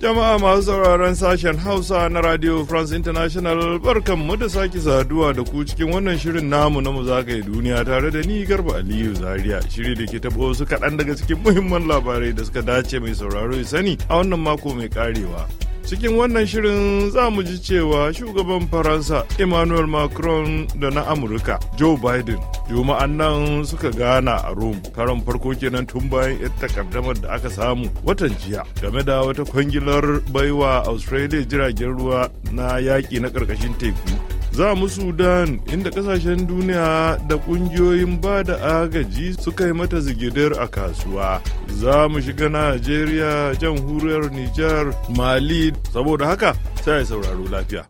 Jama'a masu sauraron sashen Hausa na Radio France International barkanmu da sake saduwa da ku cikin wannan shirin namu na mu zagaye duniya tare da ni Garba Aliyu Zaria shiri da ke tabo wasu kaɗan daga cikin muhimman labarai da suka dace mai sauraro sani a wannan mako mai karewa. cikin wannan shirin za mu ji cewa shugaban faransa emmanuel macron da na amurka joe biden juma'an nan suka gana a rome karon farko kenan tun bayan yar takardamar da aka samu watan jiya game da wata kwangilar baiwa australia jiragen ruwa na yaƙi na ƙarƙashin teku za mu sudan inda kasashen duniya da kungiyoyin ba da agaji suka yi mata zigidar a kasuwa za mu shiga najeriya jamhuriyar nijar mali saboda haka sai sauraro lafiya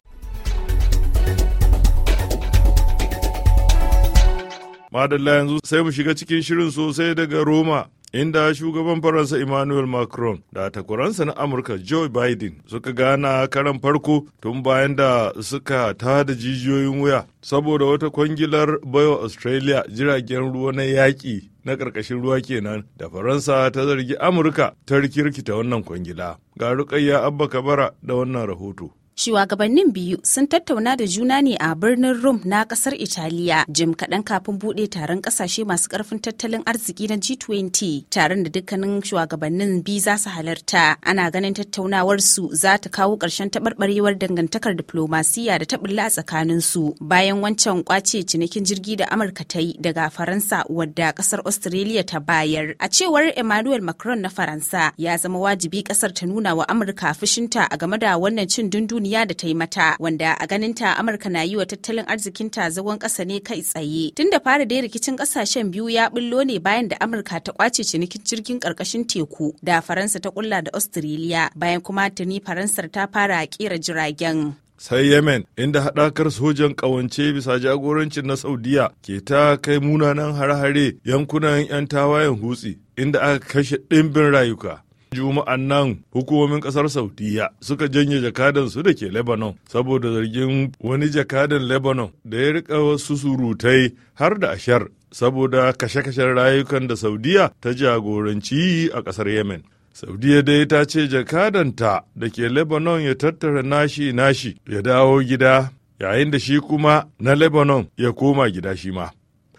madalla yanzu sai mu shiga cikin shirin sosai daga roma inda shugaban faransa emmanuel macron da takwaransa na amurka joe biden suka gana karan farko tun bayan da suka ta da jijiyoyin wuya saboda wata kwangilar baiwa australia jiragen ruwa na yaƙi na ƙarƙashin ruwa kenan da faransa ta zargi amurka ta rikirkita wannan kwangila ga rukayya abba kabara da wannan rahoto Shugabannin biyu sun tattauna da juna ne a birnin Rome na kasar Italiya jim kaɗan kafin buɗe taron ƙasashe masu ƙarfin tattalin arziki na G20 taron da dukkanin shugabannin biyu za su halarta. Ana ganin tattaunawar su za ta kawo ƙarshen taɓarɓarewar dangantakar diplomasiya da taɓulla a tsakanin su bayan wancan kwace cinikin jirgi da Amurka ta yi daga Faransa wadda ƙasar Australia ta bayar. A cewar Emmanuel Macron na Faransa ya zama wajibi ƙasar ta nuna wa Amurka fushinta a game da wannan cin dunduniya ya da ta yi mata wanda a ganinta amurka na yi wa tattalin arzikin arzikinta zagon ƙasa ne kai tsaye tun da fara dai rikicin ƙasashen biyu ya bullo ne bayan da amurka ta kwace cinikin jirgin ƙarƙashin teku da faransa ta kulla da australia bayan kuma tuni faransar ta fara kera jiragen sai yemen inda haɗakar sojan ƙawance bisa jagorancin na saudiya ke ta kai munanan hare-hare yankunan 'yan tawayen hutsi inda aka kashe ɗimbin rayuka juma'an nan hukumomin kasar saudiya suka janye jakadan su da ke lebanon saboda zargin wani jakadan lebanon da ya rika wasu surutai har da ashar saboda kashe-kashen rayukan da saudiya ta jagoranci a kasar yemen saudiya dai ta ce jakadanta da ke lebanon ya tattara nashi nashi ya dawo gida yayin da shi kuma na lebanon ya koma gida shi ma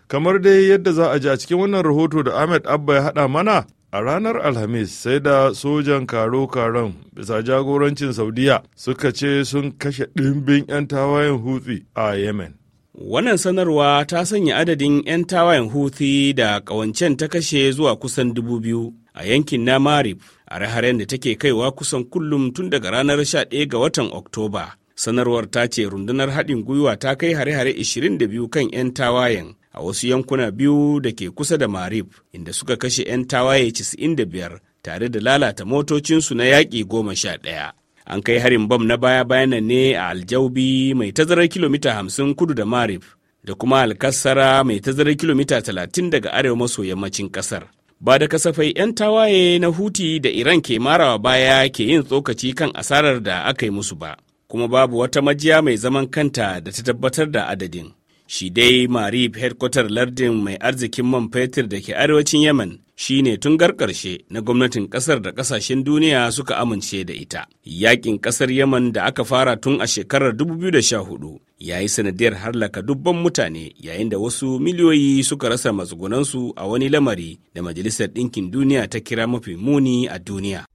kamar dai yadda za a ji a cikin wannan rahoto da ahmed abba ya haɗa mana a ranar alhamis sai da sojan karo-karon bisa jagorancin saudiya suka ce sun kashe ɗimbin 'yan tawayen hutsi a yemen wannan sanarwa ta sanya adadin 'yan tawayen huthi da ƙawancen ta kashe zuwa kusan dubu biyu a yankin na marib a raharen da take kaiwa kusan kullum tun daga ranar 11 ga watan oktoba Sanarwar ta ce rundunar haɗin gwiwa ta kai hare-hare 22 kan 'yan tawayen a wasu yankuna biyu da ke kusa da Marib, inda suka kashe 'yan tawaye 95 tare da lalata motocinsu na yaƙi 11. An kai harin bam na baya-bayanan ne a Aljaubi mai tazarar kilomita 50 kudu da Marib, da kuma Alkassara mai tazarar kilomita 30 daga arewa maso yammacin kasar ba da kasafai 'yan tawaye na huti da iran ke marawa baya ke yin tsokaci kan asarar da aka yi musu ba kuma babu wata majiya mai zaman kanta da ta tabbatar da adadin. Shi dai Marib headquarter lardin mai arzikin man fetur da ke arewacin Yemen shi ne tun ƙarshe na gwamnatin ƙasar da ƙasashen duniya suka amince da ita. Yaƙin ƙasar Yemen da aka fara tun a shekarar 2014 ya yi sanadiyar harlaka dubban mutane yayin da wasu miliyoyi suka rasa matsugunansu a wani lamari da Majalisar Ɗinkin Duniya ta kira mafi muni a duniya.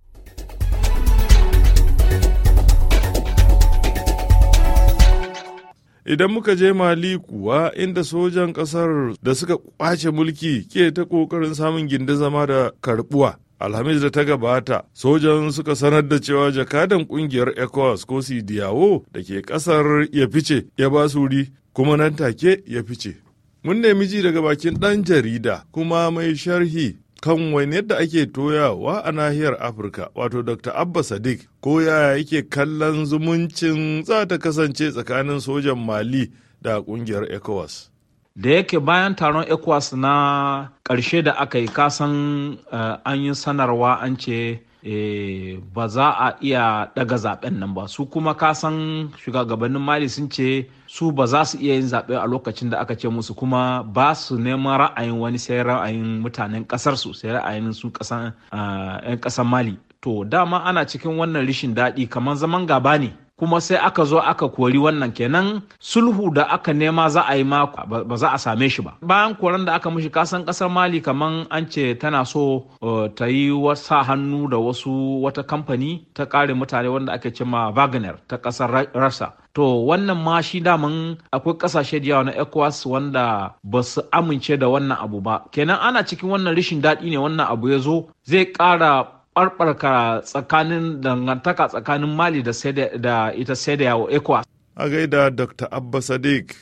Idan muka je Mali kuwa inda sojan ƙasar da suka kwace mulki ke ta ƙoƙarin samun zama da karbuwa, Alhamis da ta gabata, sojan suka sanar da cewa jakadan ƙungiyar ECOWAS ko Sidiyawo da ke ƙasar ya fice ya ba suri kuma nan take ya fice. Mun nemi ji daga bakin ɗan jarida kuma mai sharhi kan wani yadda ake toyawa a nahiyar Afirka, wato Dr. Abba Sadiq, ko yaya yake kallon zumuncin za ta kasance tsakanin sojan Mali da kungiyar ECOWAS. da yake bayan taron ecowas na ƙarshe da aka yi kasan uh, eh, an yi sanarwa an ce Eh, ba za a iya daga zaben nan ba su kuma kasan shugabannin mali sun ce su ba za su iya yin zaɓe a lokacin da aka ce musu kuma ba su neman ra'ayin wani sai ra'ayin mutanen ƙasar su sai ra'ayin su ƙasan ah, mali to dama ana cikin wannan rishin daɗi kamar zaman gaba ne kuma sai aka zo aka kori wannan kenan sulhu da aka nema za a yi ma ba za a same shi ba bayan koran da aka mishi kasan kasar mali kaman an ce tana so uh, ta yi wasa hannu da wasu wata kamfani ta kare mutane wanda ake ma wagner ta kasar rasa to wannan ma shi daman akwai kasashe da yawa na ecowas wanda ba su amince da wannan abu ba kenan ana cikin wannan rishin daɗi ne wannan abu ya zo zai ƙara ɓarɓarka tsakanin dangantaka tsakanin mali da ita sai da yawo ekwa a gaida dr abba sadiq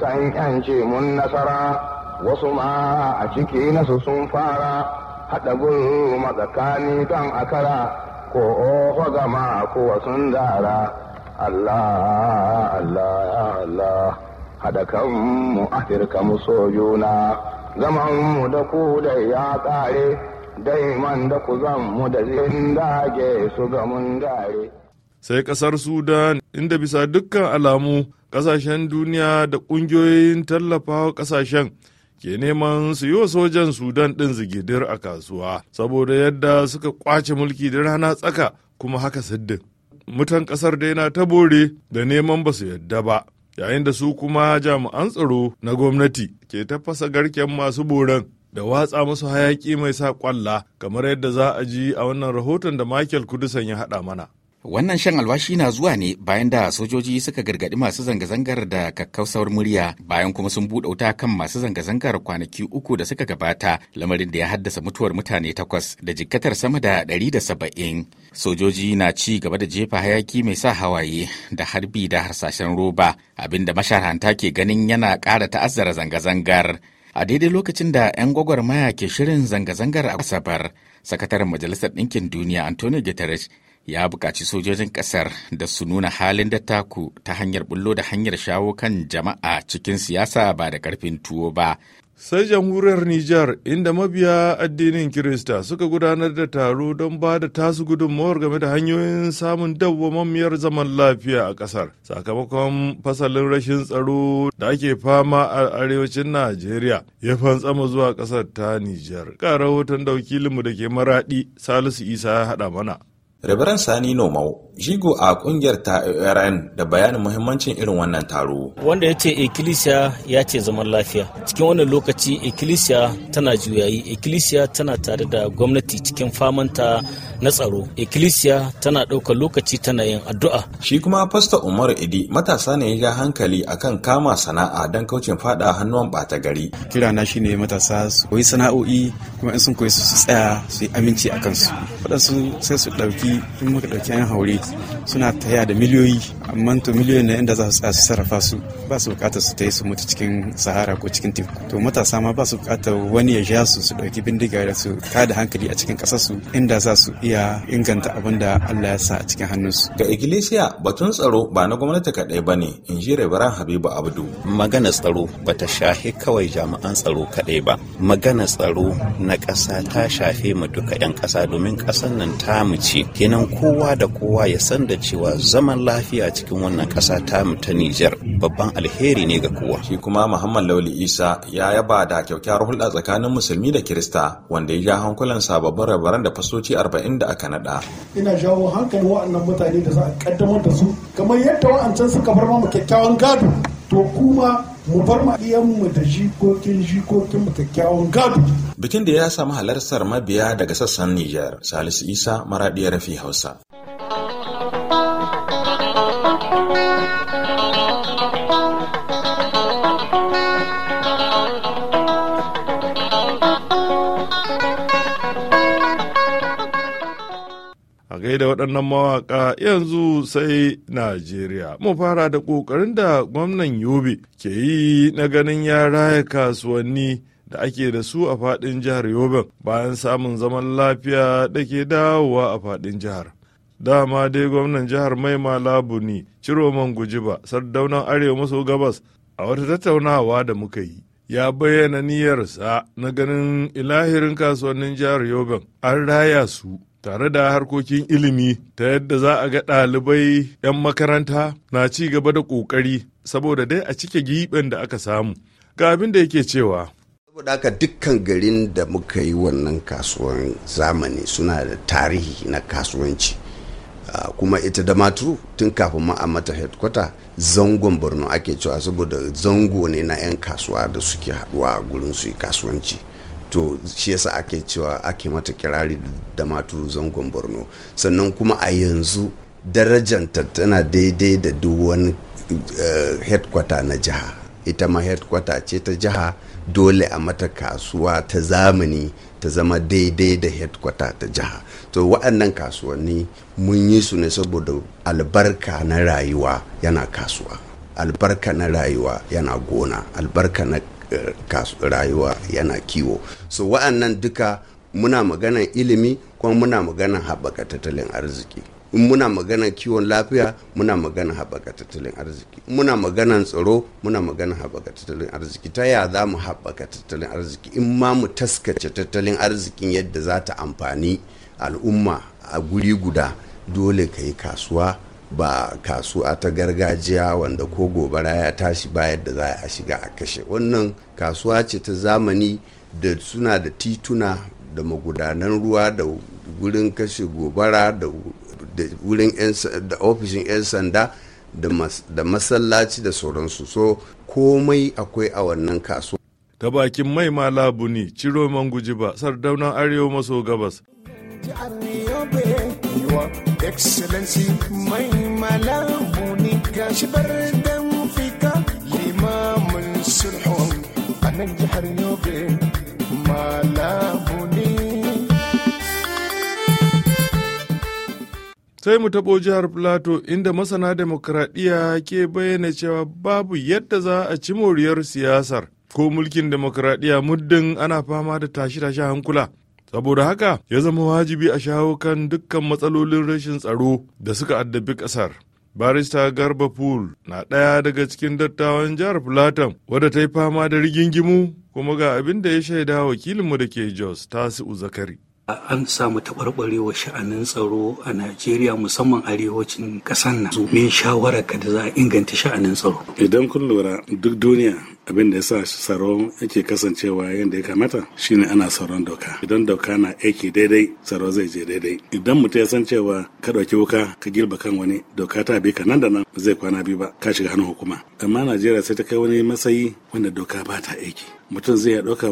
san yance mun nasara wasu ma a ciki nasu sun fara haɗa gulma tsakani kan akara ko oho gama ko sun dara allah allah allah haɗa kanmu afirka mu so juna zaman mu da ku da ya ƙare dai man da ku zan mu da zin dage su ga mun dare. Sai ƙasar Sudan inda bisa dukkan alamu ƙasashen duniya da ƙungiyoyin tallafawa ƙasashen ke neman su yi wa sojan Sudan ɗin zigidir a kasuwa saboda yadda suka ƙwace mulki da rana tsaka kuma haka siddin. Mutan ƙasar dai na ta bore da neman ba su yadda ba. Yayin da su kuma jami'an tsaro na gwamnati ke tafasa garken masu boren. da watsa musu hayaki mai sa kwalla kamar yadda za a ji a wannan rahoton da Michael Kudusan ya haɗa mana. Wannan shan alwashi na zuwa ne bayan da sojoji suka gargaɗi masu zanga-zangar da kakkausar murya bayan kuma sun buɗe wuta kan masu zanga-zangar kwanaki uku da suka gabata lamarin da ya haddasa mutuwar mutane takwas da jikkatar sama da ɗari da saba'in. Sojoji na ci gaba da jefa hayaki mai sa hawaye da harbi da harsashen roba abinda masharanta ke ganin yana ƙara ta'azzara zanga-zangar a daidai lokacin da 'yan gwagwarmaya ke shirin zanga-zangar a asabar sakataren majalisar ɗinkin duniya antonio guterres ya buƙaci sojojin ƙasar da su nuna halin da taku ta hanyar bullo da hanyar shawo kan jama'a cikin siyasa ba da ƙarfin tuwo ba sai jamhuriyar Nijar inda mabiya addinin Kirista suka gudanar da taro don ba da tasu gudunmawar game da hanyoyin samun dawwamammiyar zaman lafiya a ƙasar sakamakon fasalin rashin tsaro da ake fama a arewacin Najeriya ya fantsama zuwa ƙasar ta Nijar. Ƙara rahoton da wakilinmu da ke maraɗi Salisu Isa ya haɗa mana. rabaran Sani Nomau, jigo a kungiyar ta ARN da bayanin muhimmancin irin wannan taro. Wanda ya ce ikkilisiya ya ce zaman lafiya. Cikin wannan lokaci ikkilisiya tana juyayi, ikkilisiya tana tare da gwamnati cikin famanta na tsaro. Ikkilisiya tana ɗaukar lokaci tana yin addu'a. Shi kuma Pastor Umar Idi matasa ne ya hankali akan kama sana'a don kaucin fada hannuwan ɓata gari. Kira na ne matasa su koyi sana'o'i kuma in sun koyi su tsaya su yi aminci a kansu. Waɗansu sai su ɗauki in muka ɗauki yan haure suna taya da miliyoyi amma to miliyoyin na inda za su tsaya su sarrafa su ba su bukatar su ta su mutu cikin sahara ko cikin teku to matasa ma ba su bukatar wani ya ja su su ɗauki bindiga da su kada hankali a cikin ƙasar su inda za su iya inganta abin da Allah ya sa a cikin hannunsu. Ga Iglesia batun tsaro ba na gwamnati kaɗai ba ne in ji Rabaran Habibu Abdu. Magana tsaro ba ta shahi kawai jami'an tsaro kaɗai ba. Magana tsaro na ƙasa ta shafe mu duka 'yan ƙasa domin ƙasar nan ta mu ce kenan kowa da kowa ya san da cewa zaman lafiya cikin wannan kasa ta ta Nijar babban alheri ne ga kowa. Shi kuma Muhammad Lauli Isa ya yaba da kyakkyawar hulɗa tsakanin musulmi da Kirista wanda ya ja hankulan sababbin rabaran da fasoci arba'in da aka naɗa. Ina jawo hankalin wa'annan mutane da za a kaddamar da su kamar yadda wa'ancan suka bar mu kyakkyawan gado to kuma mu bar ma mu da jikokin jikokin mu kyakkyawan gado. Bikin da ya samu halartar mabiya daga sassan Nijar, Salisu Isa, Maraɗi Rafi Hausa. da waɗannan mawaƙa yanzu sai Najeriya. Mu fara da ƙoƙarin da gwamnan Yobe ke yi na ganin ya raya kasuwanni da ake da su a faɗin jihar Yobe bayan samun zaman lafiya da ke dawowa a faɗin jihar. Dama dai gwamnan jihar malabu Labuni, Ciroman Gujiba, sardaunan Arewa maso gabas a wata tattaunawa da muka yi. ya bayyana niyyarsa na ganin ilahirin kasuwannin jihar Yobe an raya su tare da harkokin ilimi ta yadda za a ga ɗalibai 'yan makaranta na ci gaba da ƙoƙari saboda dai a cike giɓin da aka samu ga abin da yake cewa saboda haka dukkan garin da muka yi wannan kasuwan zamani suna da tarihi na kasuwanci kuma ita da maturu tun kafin ma a mata headquarter zangon borno ake cewa saboda zango ne na 'yan kasuwa da suke haɗuwa a gurin su yi kasuwanci to shi yasa ake cewa ake mata kirari da matu zangon borno sannan kuma a yanzu darajanta tana daidai da duk wani eh, headquarter na jiha ita ma headquarter ce ta jiha dole a mata kasuwa ta zamani ta zama daidai da headquarter ta jiha to waɗannan kasuwanni mun yi su ne saboda albarka na rayuwa yana kasuwa albarka na rayuwa yana gona albarka na Eh, rayuwa yana kiwo so wa'annan duka muna maganan ilimi kuma muna maganan haɓaka tattalin arziki in muna maganan kiwon lafiya muna maganan haɓaka tattalin arziki in muna maganan tsaro muna maganan haɓaka tattalin arziki ta ya za mu haɓaka tattalin arziki in ma mu taskace tattalin arzikin yadda za ta amfani al'umma a guri guda dole ka yi kasuwa ba kasuwa ta gargajiya wanda ko gobara ya tashi ba da za a shiga a kashe wannan kasuwa ce ta zamani da suna da tituna da magudanan ruwa da wurin kashe gobara da wurin da ofishin 'yan sanda da masallaci da sauransu so komai akwai a wannan kasuwa ta bakin mai ma labuni ciro man guji ba sardaunan arewa maso gabas excellency mai malamu ga gashi bar dan fika limamin sulhu a nan jihar yobe malamu sai mu taɓo jihar plateau inda masana demokradiyya ke bayyana cewa babu yadda za a ci moriyar siyasar ko mulkin demokradiyya muddin ana fama da tashi-tashi hankula Saboda haka ya zama wajibi a shawo kan dukkan matsalolin rashin tsaro da suka addabi ƙasar. barista garba pool na ɗaya daga cikin dattawan jihar plateau wadda ta yi fama da rigingimu kuma ga abin da ya shaida wakilinmu da ke jos tasi zakari an samu taɓarɓarewa sha'anin tsaro a Najeriya musamman arewacin ƙasar nan. Min shawarar ka da za a inganta sha'anin tsaro. Idan kun lura duk duniya abin da ya sa tsaro yake kasancewa yadda ya kamata shi ne ana tsaron doka idan doka na aiki daidai tsaro zai je daidai idan mutum ya san cewa ka ɗauki wuka ka girba kan wani doka ta bi ka nan da nan zai kwana biyu ba ka shiga hannun hukuma amma najeriya sai ta kai wani matsayi wanda doka ba ta aiki mutum zai ya ɗauka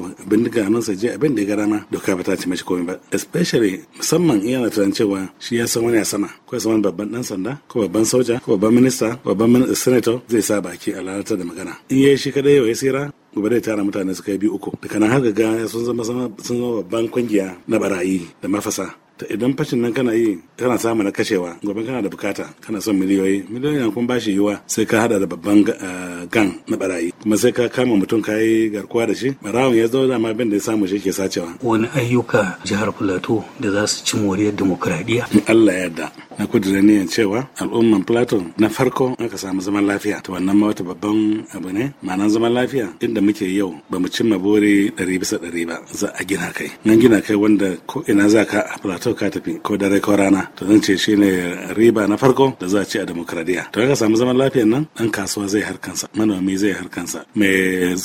ganin sa je abin da ya gara doka ba ta ci mashi komai ba especially musamman in yana tunanin cewa shi ya san wani a sama ko ya san babban dan sanda ko babban soja ko babban minista ko babban senator zai sa baki a lalata da magana in yayi shi kadai yau ya tsira gobe da tara mutane suka yi biyu uku daga nan har ga sun zama sun zama babban kungiya na barayi da mafasa idan fashin nan kana yi kana samu na kashewa gobe kana da bukata kana son miliyoyi miliyoyi kuma ba shi yiwa sai ka hada da babban eh, gan na barayi kuma sai ka kama mutum ka yi garkuwa da shi barawon ya zo zama bin da ya samu shi ke sacewa wani ayyuka jihar plateau da za su ci moriyar demokradiyya in allah ya yarda na kudura niyan cewa al'umman plateau na farko aka samu zaman lafiya to wannan ma wata babban abu ne ma'anar zaman lafiya inda muke yau ba mu cimma bore ɗari bisa ɗari ba za a gina kai nan gina kai wanda ko ina za ka a plateau so ka tafi ko dare ko rana to zan ce shine riba na farko da za a ci a demokradiya to ka samu zaman lafiyan nan dan kasuwa zai harkansa manomi zai harkansa mai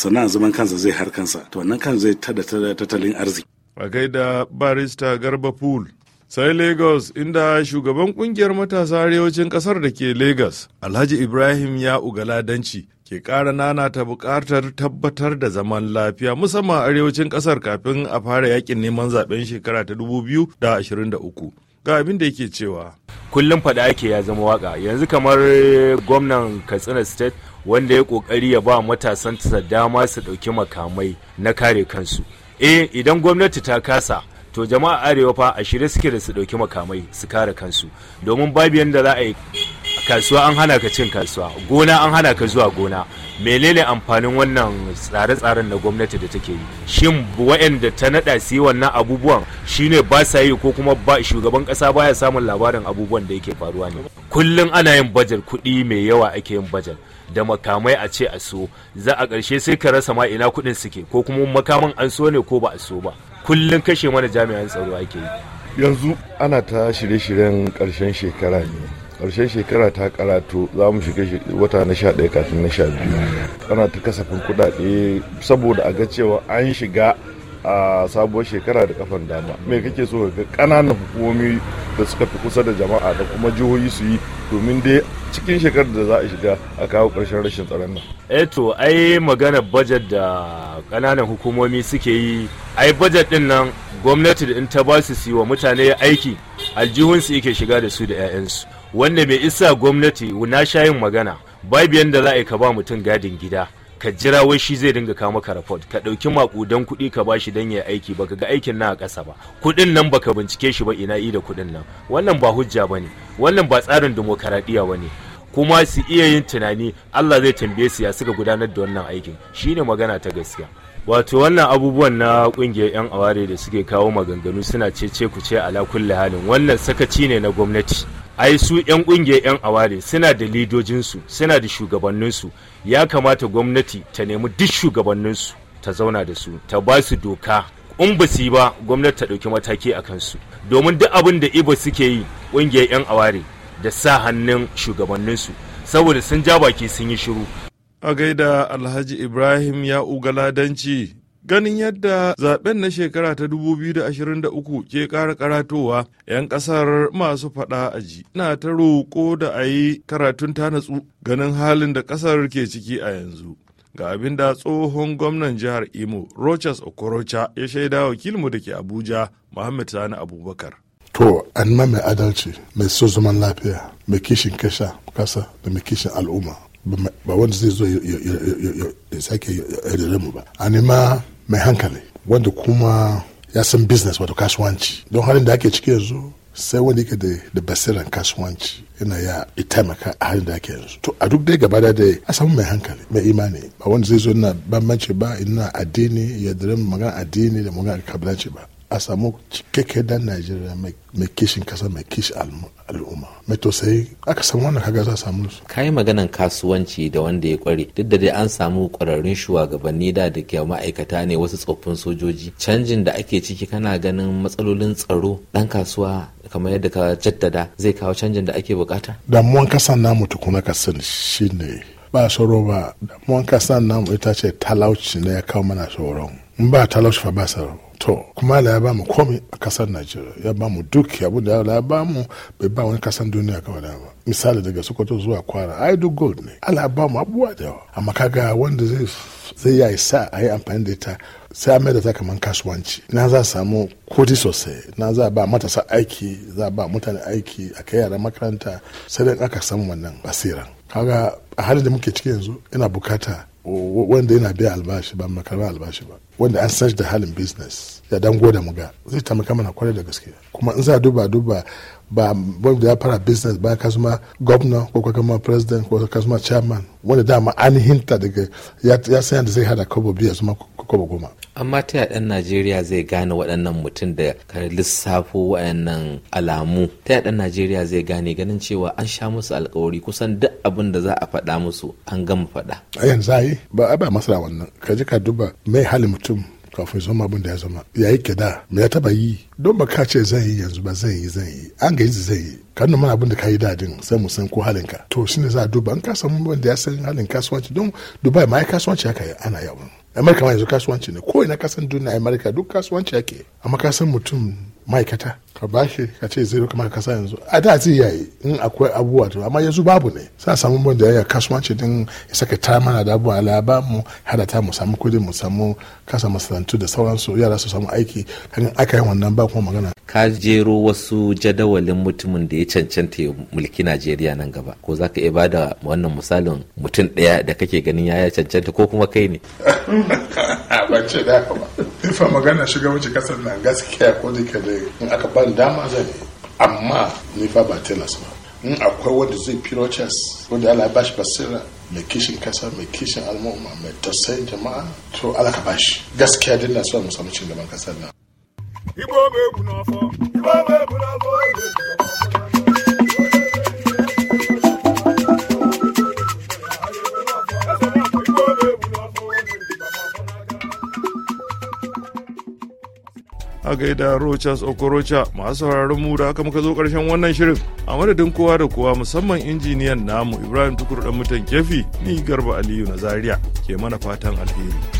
sana'a zaman kansa zai harkansa to wannan kan zai tada tattalin arziki a gaida barista garba pool sai lagos inda shugaban kungiyar matasa arewacin kasar da ke lagos alhaji ibrahim ya ugala danci. ke ƙara ta buƙatar tabbatar da zaman lafiya musamman arewacin ƙasar kafin a fara yakin neman zaɓen shekara ta da 2023 ga abin da yake cewa kullum faɗa ake ya zama waka yanzu kamar gwamnan katsina state wanda ya ƙoƙari ya ba matasan dama su ɗauki makamai na kare kansu eh idan gwamnati ta kasa to jama'a arewa fa a shirye suke da su ɗauki makamai su kare kansu domin babu yadda za a yi kasuwa an hana ka cin kasuwa gona an hana ka zuwa gona menene amfanin wannan tsare-tsaren na gwamnati da take yi shin wa'anda ta nada su wannan abubuwan shine ba sa yi ko kuma ba shugaban kasa baya samun labarin abubuwan da yake faruwa ne kullum ana yin bajar kuɗi mai yawa ake yin bajar da makamai a ce a so za a ƙarshe sai ka rasa ma ina kuɗin suke ko kuma makaman an so ne ko ba a so ba kullum kashe mana jami'an tsaro ake yi yanzu ana ta shirye-shiryen ƙarshen shekara ne karshen shekara ta karatu za mu shiga wata na sha ɗaya kafin na sha biyu ana ta kasafin kudade. saboda a ga cewa an shiga a sabuwar shekara da kafan dama mai kake so ga ƙananan hukumomi da suka fi kusa da jama'a da kuma jihohi su yi domin dai cikin shekarar da za a shiga a kawo karshen rashin tsaron nan. eto eh ai magana bajet da ƙananan hukumomi suke yi ai bajet din nan gwamnati da in ta ba su wa mutane aiki aljihunsu yake shiga da su da 'ya'yansu wanda mai isa gwamnati na yin magana babu yadda za a yi ka ba mutum gadin gida ka jira wai shi zai dinga kawo maka report ka ɗauki makudan kuɗi ka bashi dan ya aiki baka ga aikin nan a ƙasa ba kuɗin nan baka bincike shi ba ina i da kuɗin nan wannan ba hujja ba ne wannan ba tsarin ba bane kuma su iya yin tunani Allah zai tambaye su ya suka gudanar da wannan aikin shi ne magana ta gaskiya wato wannan abubuwan na kungiyar 'yan aware da suke kawo maganganu suna cece ku ce ala kulli halin wannan sakaci ne na gwamnati ai su 'yan kungiyar 'yan aware suna da lidojinsu suna da shugabanninsu ya kamata gwamnati ta nemi duk shugabanninsu ta zauna da su ta ba su doka in ba su yi ba gwamnati ta ɗauki mataki a kansu domin duk abin da ibo suke yi kungiyar 'yan aware da sa hannun shugabanninsu saboda sun ja baki sun yi shiru a gaida alhaji ibrahim ya ugaladanci ganin yadda zaben na shekara ta 2023 ke kara karatowa 'yan kasar masu faɗa aji na ta roƙo da a yi karatun ta natsu ganin halin da kasar ke ciki a yanzu ga abin da tsohon gwamnan jihar imo rochas okorocha ya shaida wakilmu da ke abuja muhammad sani abubakar to an mai adalci mai so zaman lafiya mai kishin kasha kasa da mai kishin al'umma ba wanda zai zo ya sake yadda mu ba a nema mai hankali wanda kuma ya san business wato kasuwanci don halin da ake ciki yanzu sai wanda yake da basiran kasuwanci yana ya taimaka a halin da ake yanzu to a duk dai gaba da dai a samu mai hankali mai imani ba wanda zai zo na bambanci ba ina addini ya dare magana addini da magana kabilanci ba a samu cikakke dan najeriya mai kishin kasa mai kishi al'umma mai sai aka samu wannan kaga za samu su yi maganan kasuwanci da wanda ya kware duk da dai an samu kwararrun shugabanni da da ke ma'aikata ne wasu tsoffin sojoji canjin da ake ciki kana ganin matsalolin tsaro dan kasuwa kamar yadda ka jaddada zai kawo canjin da ake bukata damuwan kasan namu tukuna kasan shine ba tsaro ba damuwan kasan namu ita ce talauci ne ya kawo mana tsoron in ba talauci fa ba tsaro to kuma Allah ya ba mu komai a kasar Najeriya ya ba duk abin da Allah ya ba bai ba wani kasar duniya kawai da ba misali daga Sokoto zuwa Kwara ai duk gold ne Allah ya ba mu abubuwa da yawa amma kaga wanda zai zai ya sa a yi amfani da ita sai a da ta kamar kasuwanci na za samu kudi sosai na za ba matasa aiki za ba mutane aiki a kai yara makaranta sai dai aka samu wannan basiran kaga a halin da muke ciki yanzu ina bukata When they biya albashi ba makarar albashi ba they answer the da halin business ya dan goda mu ga zai taimaka mana kwarai da gaske kuma in za duba duba ba wanda ya fara business ba ka zama governor ko ka president ko ka chairman wanda dama ainihin ta daga ya san yadda zai hada kobo biya zama kwabo goma amma ta yaɗan najeriya zai gane waɗannan mutum da ka lissafo waɗannan alamu ta yaɗan najeriya zai gane ganin cewa an sha musu alkawari kusan duk abin da za a faɗa musu an gama faɗa a yanzu a yi ba a ba masu wannan ka ji ka duba mai halin mutum kafin zama abin da ya zama ya yi da me ya taba yi don ba ka ce zai yi yanzu ba zan yi zan yi an ga yanzu zan yi ka nuna mana abin da ka yi dadin sai mu san ko halinka to shine za a duba an ka samu wanda ya san halin kasuwanci don dubai ma ya kasuwanci haka ana yawon amerika ma yanzu kasuwanci ne ko ina kasan duniya amerika duk kasuwanci ake amma kasan mutum ma'aikata ka bashi ka ce zai kamar kasa yanzu a da zai yayi in akwai abubuwa to amma yanzu babu ne sa samu mun da kasuwanci din ya saka ta mana da abubuwa la ba mu hada ta mu samu kudi mu samu kasa masarantu da sauransu yara su samu aiki kan aka yi wannan ba kuma magana ka jero wasu jadawalin mutumin da ya cancanta ya mulki Najeriya nan gaba ko za ka iya bada wannan misalin mutum ɗaya da kake ganin ya cancanta ko kuma kai ne ba ce da ba magana shiga wuce kasar nan gaskiya ko da in aka ba bani dama zai amma ni fa ba tilas ba in akwai wanda zai firo chess wanda ala bashi basira mai kishin kasa mai kishin al'umma mai tausayin jama'a to ala ka bashi gaskiya dinna so mu samu cin gaban kasar nan Igbo mai ibo be mai gunafo a gaida Rochas Okorocha masu sauraron mu da haka muka zo karshen wannan shirin a madadin kowa da kowa musamman injiniyan namu Ibrahim Tukur dan mutan kefi ni Garba Aliyu na Zaria ke mana fatan alheri.